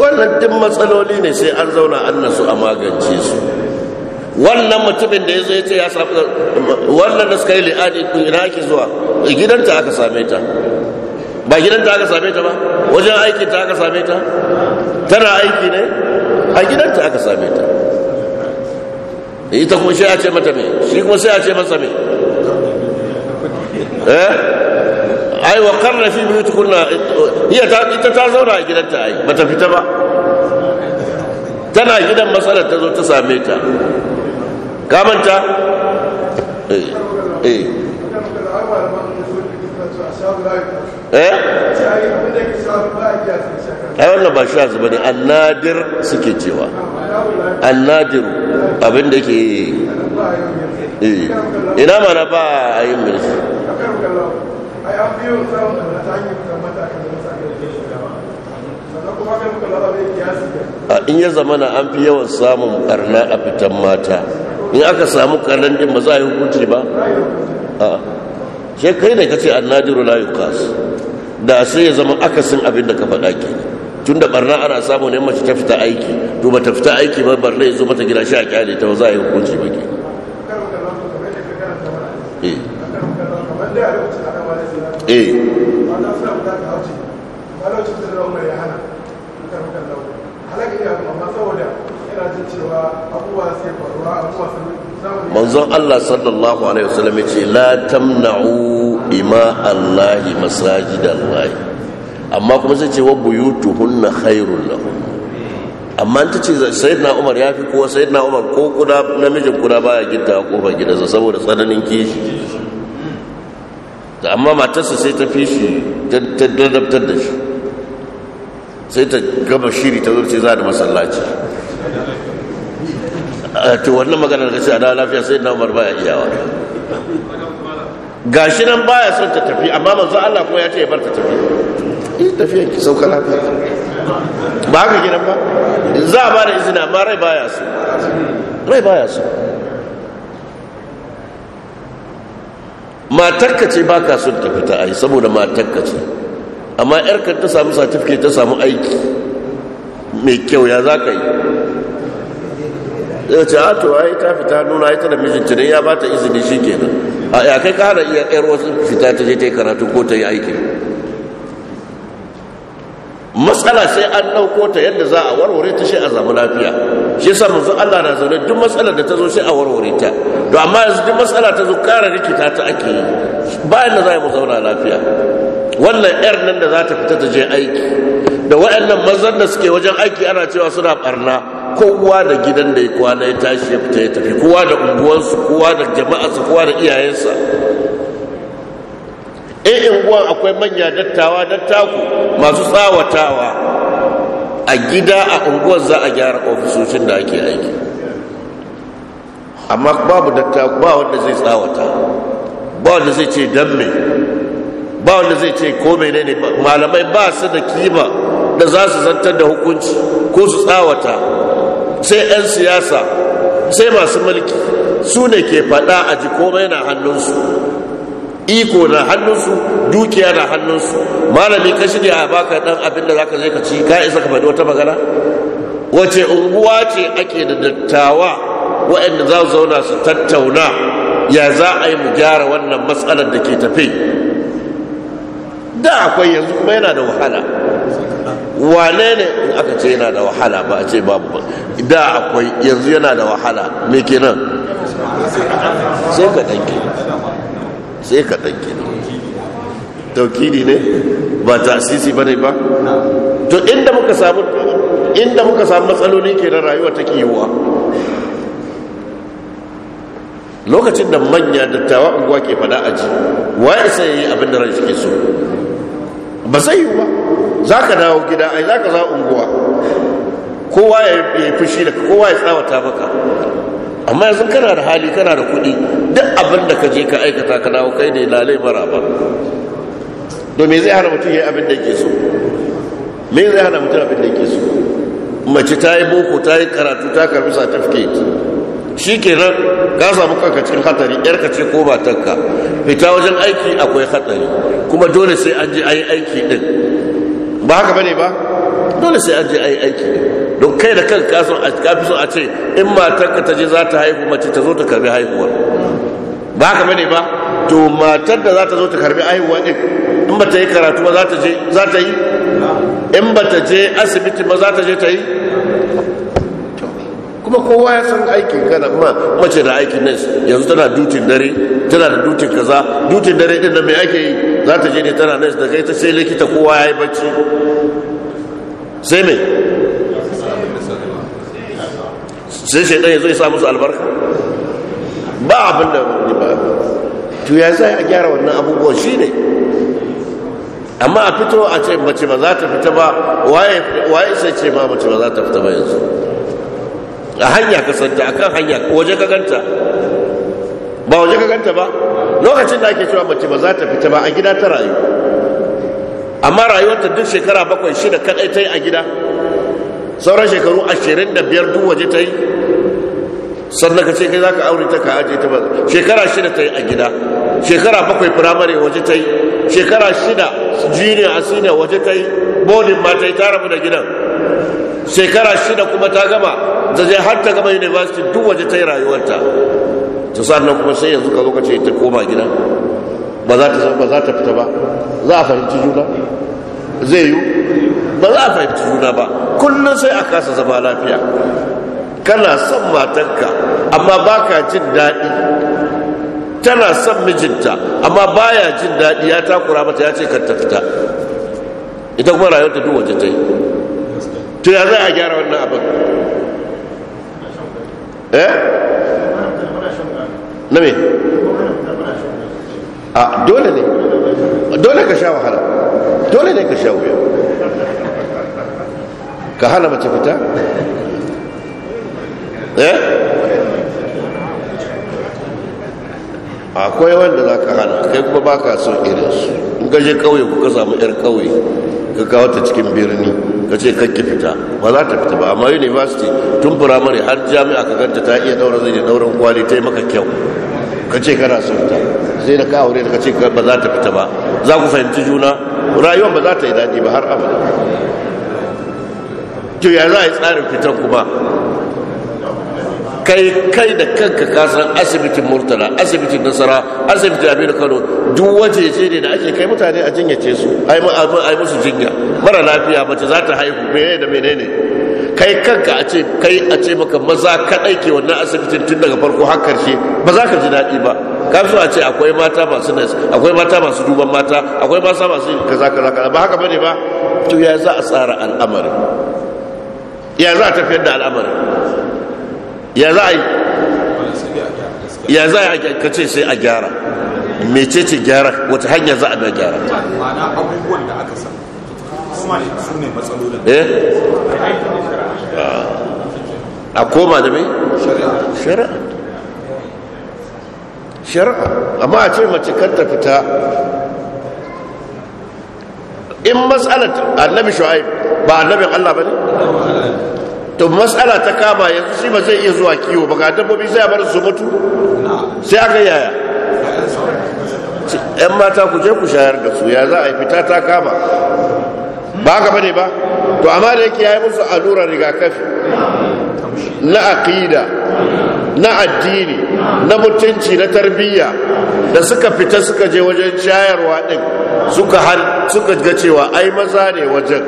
wannan din matsaloli ne sai an zauna an su a magance su wannan mutumin da ya ya ce ya samu wannan da suka yi li'adi kun ina ake zuwa gidanta aka same ta ba gidanta aka same ta ba wajen aiki ta aka same ta tana aiki ne a gidanta aka same ta ita kuma shi a ce mata mai shi kuma sai a ce masa mai eh ai wa karna fi bi tukunna iya ta ita ta zauna a gidanta ai bata fita ba tana gidan masalar ta zo ta same ta kamanta eh eh eh ai wannan ba shi azu bane annadir suke cewa annadiru abin da ke eh, ina mana ba a yin mulki a in ya zama na an fi yawan samun karna a fitan mata in aka samu karnan din ba za a yi hukunci ba a shi kai ne ka ce annadiru la yukas da sai ya zama akasin abin da ka faɗa ke tun da barna ana samu ne mace ta fita aiki to ba ta fita aiki ba bar rai zo mata gida shi a kyale ta za a yi hukunci ba ke eh. Eh. manzon Allah sallallahu alaihi wasallam la tamna'u ima Allah masajid Allah amma kuma sai ce wa buyutuhunna khairul lahum amma ta ce sayyidina umar ya fi kowa sayyidina umar ko kuda namijin kuda baya gidda a kofar gidansa saboda tsananin kishi da amma matarsa sai ta fi shi ta dadabtar da shi sai ta gama shiri ta zurce za da masallaci a to wannan maganar da ce a lafiya sai na umar baya iyawa shi nan baya son ta tafi amma manzo Allah kuma ya ce ya bar ta tafi eh tafiyan ki sauka lafiya ba ka gidan ba in za a ba da izini amma rai baya so rai baya so matakka ce ba ka son ta fita ai saboda matakka ce amma yarka ta samu satifiket ta samu aiki mai kyau ya za ka yi ya ce ato ai ta fita nuna ai tana mijin cinin ya ba ta izini shi kenan a yakai kara iya yar wasu fita ta je ta yi karatu ko ta yi aiki matsala sai an ɗauko ta yadda za a warware ta shi a zama lafiya shi yasa manzo Allah na zaune duk matsala da ta zo sai a warware ta to amma yanzu duk matsala ta zo ƙara rikita ta ake yi bayan da za mu zauna lafiya wannan yar nan da za ta fita ta je aiki da wayannan mazan da suke wajen aiki ana cewa suna barna kowa da gidan da ya kwana ya tashi ya fita ya tafi kowa da unguwansu kowa da su kowa da iyayensa in unguwan akwai manya dattawa dattaku masu tsawatawa a gida a unguwar za a gyara ofisoshin da ake aiki amma babu dattaku ba wanda zai tsawata ba wanda zai ce don me ba wanda zai ce ko ne malamai ba su da kima da za su zantar da hukunci ko su tsawata sai 'yan siyasa sai masu mulki su ne ke faɗa a ji komai na hannunsu iko na hannunsu dukiya na hannunsu malami ka shirya a baka dan abin da za ka je ka ci ka isa ka faɗi wata magana wace unguwa ce ake da dattawa waɗanda za su zauna su tattauna ya za a yi mu gyara wannan matsalar da ke tafi da akwai yanzu kuma yana da wahala wane ne in aka ce yana da wahala ba a ce babu ba da akwai yanzu yana da wahala me kenan sai ka danke sai ka ɗanke taukidi ne ba ta sisi ba ne ba to inda muka samu inda muka samu matsaloli ke na rayuwa ta yiwuwa lokacin da manya dattawa unguwa ke fada aji waye sai ya yi abin da rai so ba zai yi ba za ka dawo gida ai za ka za unguwa kowa ya fushi da kowa ya tsawata maka amma yanzu kana da hali kana da kuɗi duk abin da ka je ka aikata ka dawo kai ne lalai mara ba domin zai hana mutum ya yi abin da yake so me zai hana mutum abin da yake so mace ta yi boko ta yi karatu ta karbi certificate shi kenan ka samu kanka cikin hatsari ka ce ko ba tanka fita wajen aiki akwai hatsari kuma dole sai an je a yi aiki din ba haka bane ba dole sai an je a yi aiki don kai da kan kasan a kafi so a ce in matarka ta je za ta haihu mace ta zo ta karbi haihuwa ba ka bane ba to matar da za ta zo ta karbi haihuwa din in ba ta yi karatu ba za ta je za ta yi in ba ta je asibiti ba za ta je ta yi kuma kowa ya san aikin kana amma mace da aikin ne yanzu tana dutin dare tana da dutin kaza dutin dare din da mai ake yi za ta je ne tana ne da kai ta sai likita kowa ya yi bacci sai mai sai shaitan ya zo ya sa musu albarka ba abin da ba tu ya zai a gyara wannan abubuwan shi ne amma a fito a ce mace ba za ta fita ba waye sai ce ma mace ba za ta fita ba yanzu a hanya ka santa kan hanya waje ka ganta ba waje ka ganta ba lokacin da ake cewa mace ba za ta fita ba a gida ta rayu amma rayuwarta duk shekara bakwai shida kadai ta yi a gida sauran shekaru ashirin da biyar duk waje ta yi sannan ka ce kai za ka aure ta ka aje ta ba shekara shida ta yi a gida shekara bakwai firamare waje ta yi shekara shida junior a senior waje ta yi bonin ma ta yi rabu da gidan shekara shida kuma ta gama ta je har ta gama university duk waje ta yi rayuwarta ta sannan kuma sai yanzu ka zo ka ce ta koma gida ba za ta fita ba za a fahimci juna zai yi ba za a fahimci juna ba kullum sai a kasa zama lafiya kana son matanka amma ba ka jin daɗi tana son mijinta amma baya jin daɗi ya takura mata ya ce kanta fita ita kuma rayuwar ta duk waje ta yi to ya za a gyara wannan abin eh na me a dole ne dole ka sha wahala dole ne ka sha wuya ka hana mace fita eh akwai wanda za ka hana kai kuma ba ka son irinsu in gaje kauye ku ka samu 'yar kauye ka kawo ta cikin birni ka ce kakki fita ba za ta fita ba amma university tun firamare har jami'a ka ganta ta iya daura zai da dauran kwali ta yi maka kyau ka ce kana son ta sai da ka aure da ka ce ba za ta fita ba za ku fahimci juna rayuwar ba za ta yi daɗi ba har abada to ya za a yi tsarin fitan kuma kai kai da kanka kasan asibitin murtala asibitin nasara asibitin abin kano duk waje ce ne da ake kai mutane a jinyace su ai musu jinya mara lafiya mace za ta haihu menene da menene kai kanka a ce kai a ce maka maza kaɗai ke wannan asibitin tun daga farko har karshe ba za ka ji daɗi ba ka so a ce akwai mata masu nas akwai mata masu duban mata akwai mata masu kaza kaza kaza ba haka bane ba to ya za a tsara al'amari ya za a tafiyar da al'amari ya za a yi ya za a yi ce sai a gyara mecece gyara wata hanya za a da gyara ma'ana abubuwan da aka ne su ne matsalolin eh a koma da mai shari'a shari'a amma a ce mace kar fita in matsalar annabi shu'aib ba annabin Allah ba ne to matsala ta kama yanzu shi ba zai iya zuwa kiwo ba ga dabbobi sai a bar su mutu sai aka yaya yan mata ku je ku shayar da su ya za a fita ta kama ba ka bane ba to amma da yake yayi musu allurar rigakafi na aqida na addini na mutunci na tarbiyya da suka fita suka je wajen shayarwa din suka har suka ga cewa ai maza ne wajen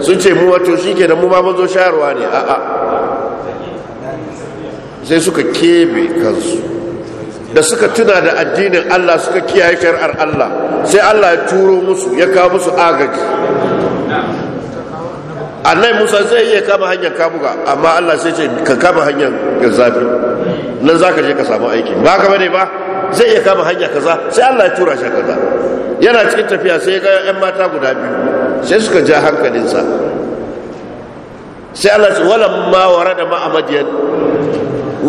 sun ce mu wato shike da mu ma mun zo shayarwa ne a'a sai suka kebe kansu da suka tuna da addinin Allah suka kiyaye shari'ar Allah sai Allah ya turo musu ya kawo musu agaji annai musa zai iya kama hanyar kabuga amma allah sai ce ka kama hanyar zafi nan za ka je ka samu aiki ba ka bane ba zai iya kama hanyar kaza sai allah ya tura shi kaza yana cikin tafiya sai ga yan mata guda biyu sai suka ja hankalinsa sai allah ce walan ma wara da ma'a madiyan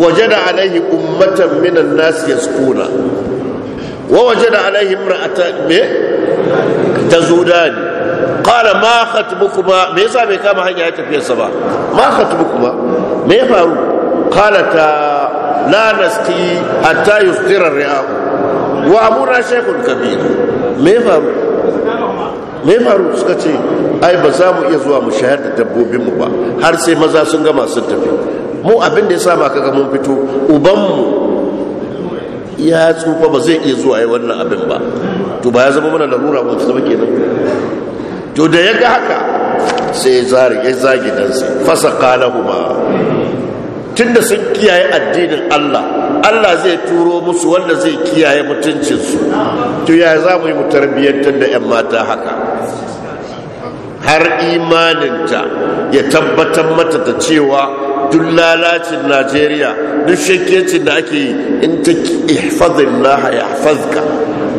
wajada alaihi ummatan minan nas yaskuna wa wajada alaihi imra'atan me tazudani qala ma khatbukuma me yasa bai kama hanya ya tafiyarsa ba ma khatbukuma me faru qala ta la nasqi hatta yuftira ri'ahu wa amuna shaykhun kabir me faru me faru suka ce ai ba za mu iya zuwa mu shayar da dabbobin mu ba har sai maza sun gama sun tafi mu abin da ya sa ba kaga mun fito uban mu. ya tsufa ba zai iya zuwa yi wannan abin ba to ba ya zama mana larura ba zama kenan to da ya ga haka sai ya zagi su fasa tun tunda sun kiyaye addinin Allah Allah zai turo musu wanda zai kiyaye mutuncinsu to ya za mu yi mu da 'yan mata haka har imaninta ya tabbatar mata da cewa duk lalacin najeriya duk shakkecin da ake yi in ta ihfazin laha ya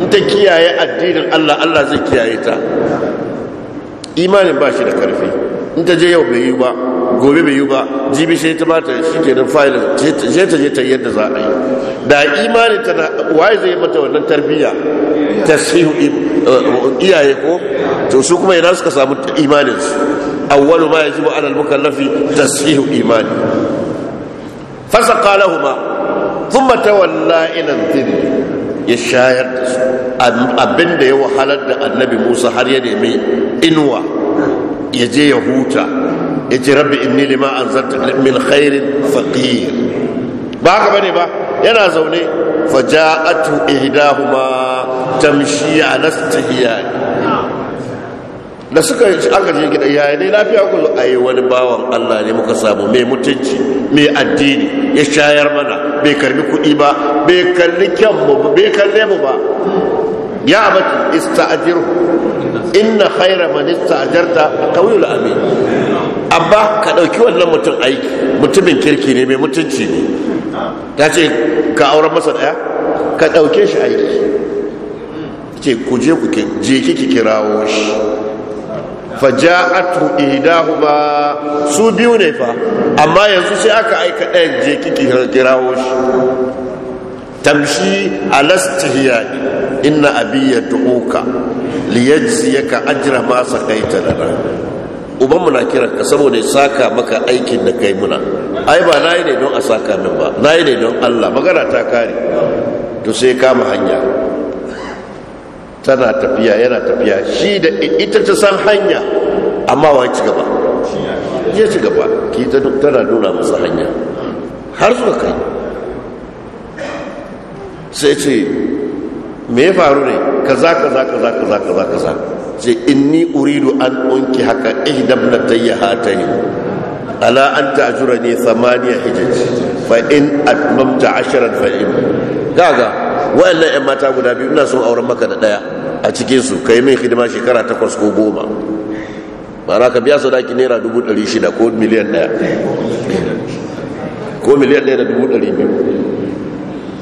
in ta kiyaye addinin allah allah zai kiyaye ta imanin ba shi da karfi in ta je yau bai yi ba gobe bai yi ba jibi sai ta mata shi ke nan fayilin sai ta je ta yadda za a yi da imanin ta waye zai mata wannan tarbiyya ta sihu eh, iyaye ko to su kuma yana suka samu imanin su awwalu ma yajibu ala al-mukallafi tasihu imani fasaqa lahumu thumma tawalla ila al-dhilli ya shayar da su abin da ya wahalar da annabi musa har ya nemi inuwa ya je ya huta ya ce rabbi inni lima an zanta min khairin faqir ba haka bane ba yana zaune faja'atu ihdahuma tamshi ala istihiyani da suka yi je gida yaya dai lafiya ku a ayi wani bawan Allah ne muka samu mai mutunci mai addini ya shayar mana bai karbi kuɗi ba bai kalli kyanmu bai kalle mu ba ya abati ista'jirhu inna khayra man ista'jarta qawiyul amin abba ka dauki wannan mutum aiki mutumin kirki ne mai mutunci ne ta ce ka auren masa daya ka dauke shi aiki ce ku je ku je kiki kirawo shi faja'atu ba su biyu ne fa amma yanzu sai aka aika ɗayan je kiki kirawo shi tamshi alastihiya inna abi ya tu'uka liyajziyaka ajra ma saqaita lana uban muna kiran ka saboda saka maka aikin da kai muna ai ba nayi ne don a saka min ba nayi ne don Allah magana ta kare to sai kama hanya tana tafiya yana tafiya shi da ita ta san hanya amma wa ci gaba ya ci gaba ki ta tana nuna masa hanya har suka kai sai ce me ya faru ne kaza kaza kaza kaza kaza kaza ce inni uridu an unki haka ihdam na tayya hatayi ala an ajura ne samaniya hijaji fa in atmamta asharan fa gaga wa'annan 'yan mata guda biyu ina son auren maka da ɗaya a cikinsu ka yi min hidima shekara takwas ko goma ma'ana ka biya sadaki naira dubu ɗari shida ko miliyan ɗaya ko miliyan ɗaya da dubu ɗari biyu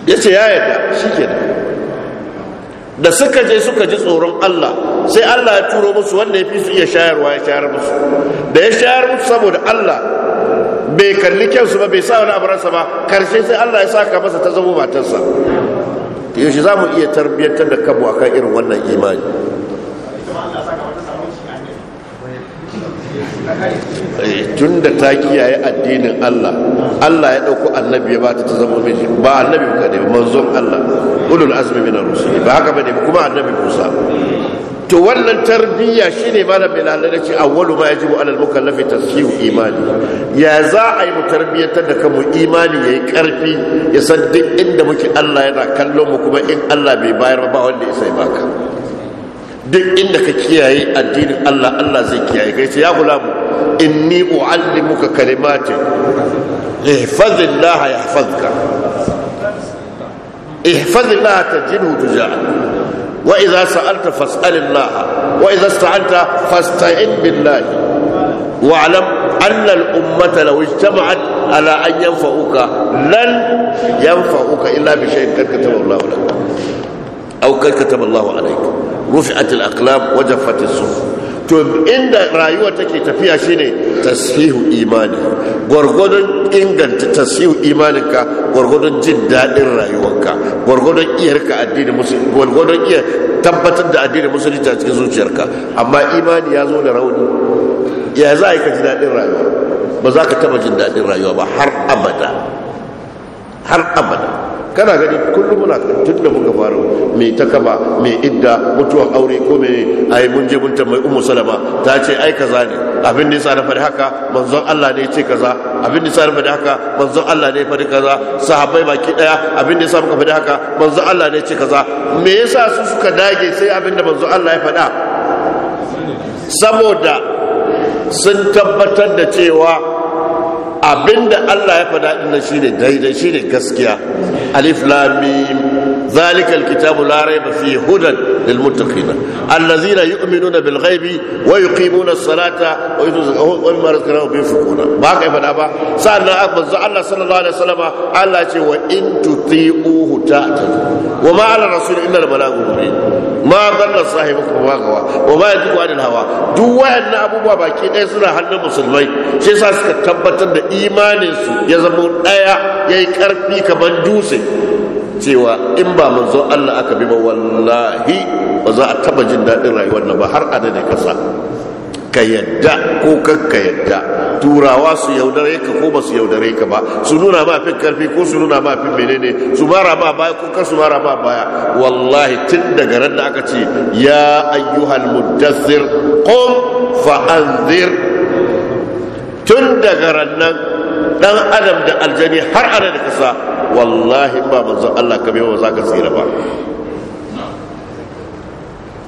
ya ce ya yadda shi ke da suka je suka ji tsoron Allah sai Allah ya turo musu wanda ya fi su iya shayarwa ya shayar musu da ya shayar musu saboda Allah bai kalli kyansu ba bai sa wani abu ba karshe sai Allah ya saka masa ta zama matarsa yaushe za mu iya tarbiyyantar da kabuwa kan irin wannan imani eh, tun da ta kiyaye addinin Allah Allah ya ɗauko annabi ya bata ta zama mai shi ba annabi ka ne manzon Allah ulul azmi min ar ba haka bane kuma annabi Musa to wannan tarbiyya shine malam bilal da ce awwalu ma yajibu alal mukallafi tasfihu imani ya za a yi mu tarbiyyatar da kanmu imani yayi karfi ya san duk inda muke Allah yana kallon mu kuma in Allah bai bayar ba wanda ya sai baka duk inda ka kiyaye addinin Allah Allah zai kiyaye kai sai ya gulamu inni uallimuka kalimatin ihfazillah yahfazka ihfazillah tajidhu tujaa وإذا سألت فاسأل الله وإذا استعنت فاستعن بالله واعلم أن الأمة لو اجتمعت على أن ينفعوك لن ينفعوك إلا بشيء قد كتبه الله لك أو قد كتب الله عليك رفعت الأقلام وجفت الصحف to inda rayuwa take tafiya shine tasfihu imani gwargwadon inganta tasfihu imaninka gwargwadon jin daɗin rayuwanka, gwargwadon iyarka addini musulunci gwargwadon iya tabbatar da addinin musulunci a cikin zuciyarka amma imani ya zo da rauni ya za ka ji daɗin rayuwa ba za ka taɓa jin daɗin rayuwa ba har abada har abada kana gani kullum muna tun da muka faru mai takaba mai idda mutuwan aure ko mai ai mun je mun tambayi ummu salama ta ce ai kaza ne abin da yasa na faɗi haka manzon Allah ne ya ce kaza abin da yasa na faɗi haka manzon Allah ne ya faɗi kaza sahabbai baki daya abin da yasa muka faɗi haka manzon Allah ne ya ce kaza me yasa su suka dage sai abin da manzon Allah ya fada saboda sun tabbatar da cewa abinda Allah ya faɗa din shi shine daidai shine gaskiya alif lamim ذلك الكتاب لا ريب فيه هدى للمتقين الذين يؤمنون بالغيب ويقيمون الصلاة ومما رزقناهم ينفقون باقي فدابا سألنا أبا الله صلى الله عليه وسلم على شيء وإن تطيعوه تأتوا وما على الرسول إلا البلاغ المبين ما ضل صاحبكم وما غوى وما يدرك عن الهوى duk wayannan abubuwa baki ɗaya suna hannun musulmai shi yasa suka tabbatar da imaninsu ya zama ɗaya ya yi ƙarfi kamar dutse cewa in ba manzon Allah aka bi ba wallahi ba za a taba jin daɗin rayuwar nan ba har da kasa ka yadda ko kakka yadda turawa su yaudare ka ko ba su yaudare ka ba su nuna ma fin karfi ko su nuna ma fin menene su mara ma baya ko kar su mara ma baya wallahi tun daga ran da aka ce ya ayyuhal muddassir qum fa anzir tun daga ran nan dan adam da aljani har ana da kasa wallahi ba manzon Allah ka biyo za ka tsira ba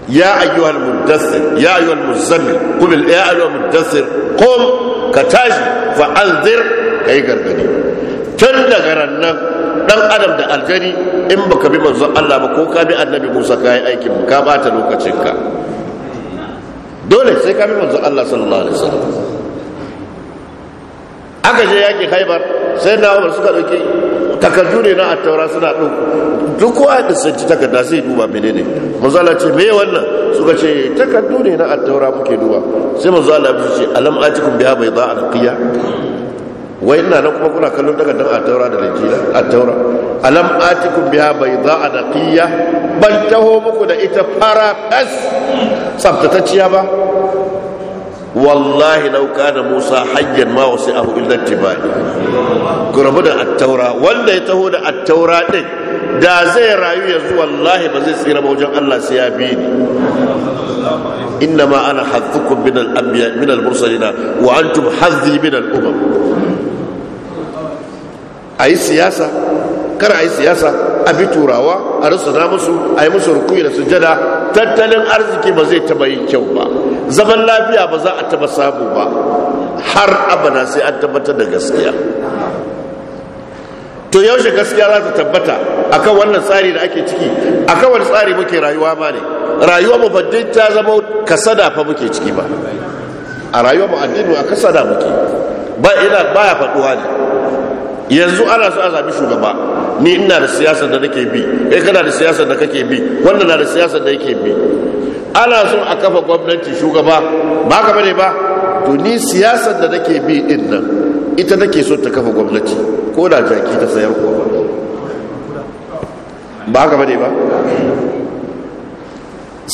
ya ayyuhal muddassir ya ayyuhal muzammil qum ya ayyuhal muddassir qum ka tashi fa anzir kai gargadi tun daga rannan dan adam da aljani in baka bi manzon Allah ba ko ka bi annabi Musa kai aikin ka bata lokacin ka dole sai ka bi manzon Allah sallallahu alaihi wasallam aka je yaki haibar sai na umar suka ɗauke. takardu ne na attaura suna ɗin duk wa da sanci takarda sai duba menene manzala ce me wannan suka ce takardu ne na attaura muke duba sai manzala bisu ce alam atikum biya bai za a alqiya wai ina nan kuma kuna kallon takardar attaura da rijila attaura alam atikum biha bai za alqiya ban taho muku da ita fara kas tsaftatacciya ba wallahi lau kana musa hanyar ma wasu abu illa tibali ku rabu da attaura wanda ya taho da attaura din da zai rayu yanzu wallahi ba zai tsira ba wajen Allah sai ya bi ni innama ana haddukum min al-anbiya min al-mursalin wa antum haddi min al-umam ayi siyasa kar a yi siyasa a bi turawa a rasa rusuna musu ayi musu rukuyi da sujada tattalin arziki ba zai taba yin kyau ba zaman lafiya ba za a taba samu ba har abada sai an tabbatar da gaskiya to yaushe gaskiya za ta tabbata akan wannan tsari da ake ciki akan wani tsari muke rayuwa ba ne rayuwa mu ba ta zama kasada fa muke ciki ba a rayuwa mu addini a kasada muke ba ina baya faduwa ne yanzu ana so a zabi shugaba ni ina da siyasar da nake bi kai kana da siyasar da kake bi wannan na da siyasar da yake bi ana son a kafa gwamnati shugaba ba ka bane ba to ni siyasar da nake bi din nan ita nake so ta kafa gwamnati ko da jaki ta sayar ko ba ba ka bane ba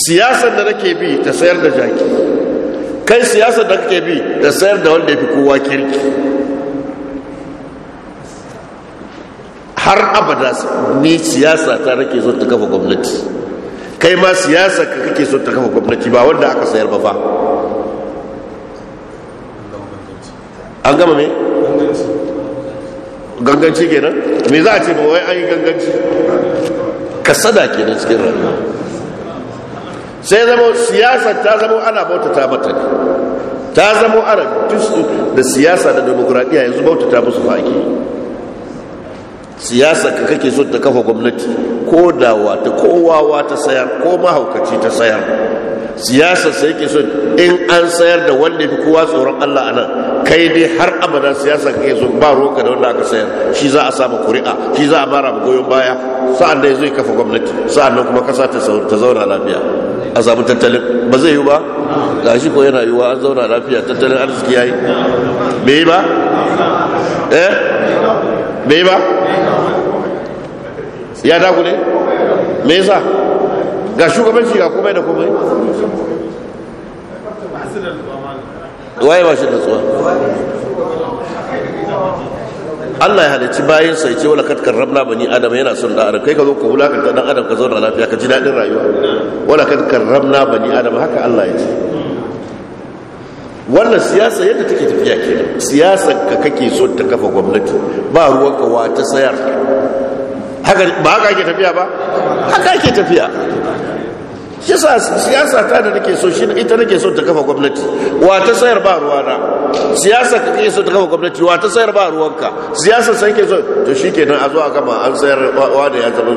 siyasar da nake bi ta sayar da jaki kai siyasar da kake bi ta sayar da wanda ya fi kowa kirki har abada ni siyasa ta rake so ta kafa gwamnati kai ma siyasa ka kake so ta kafa gwamnati ba wanda aka sayar ba fa an gama me ganganci kenan me za a ce ba wai an yi ganganci kasada kenan cikin rayuwa sai zama siyasa ta zama ana ta mata ne ta zama ana da siyasa da demokuraɗiyya yanzu bauta ta musu fa siyasa ka kake so ta kafa gwamnati ko dawa ta kowawa ta sayar ko mahaukaci ta sayar siyasa sai ke so in an sayar da wanda fi kowa tsoron Allah anan kai dai har abada siyasa ka kake so ba roka da wanda aka sayar shi za a samu kuri'a shi za a mara goyon baya sa'an da zai kafa gwamnati sa'an nan kuma kasa ta zauna lafiya a samu tattalin ba zai yi ba ga shi ko yana yiwa an zauna lafiya tattalin arziki yayi bai ba eh bai ba ya ne me yasa ga shugabanci ga komai da komai waye ba shi da tsuwa Allah ya halicci bayan sai ce wala katkar rabna bani adam yana son da adam kai ka zo ka wulakanta dan adam ka zauna lafiya ka ji daɗin rayuwa wala katkar rabna bani adam haka Allah ya ce wannan siyasa yadda take tafiya ke siyasar ka kake so ta kafa gwamnati ba ruwan kawa ta sayar ba haka ake tafiya ba haka ake tafiya siyasa ta da nake so shi ita nake so ta kafa gwamnati wa ta sayar ba ruwana siyasa ka kake so ta kafa gwamnati wa ta sayar ba ruwanka siyasa sai ke so to kenan a zo a gama an sayar wa da ya zama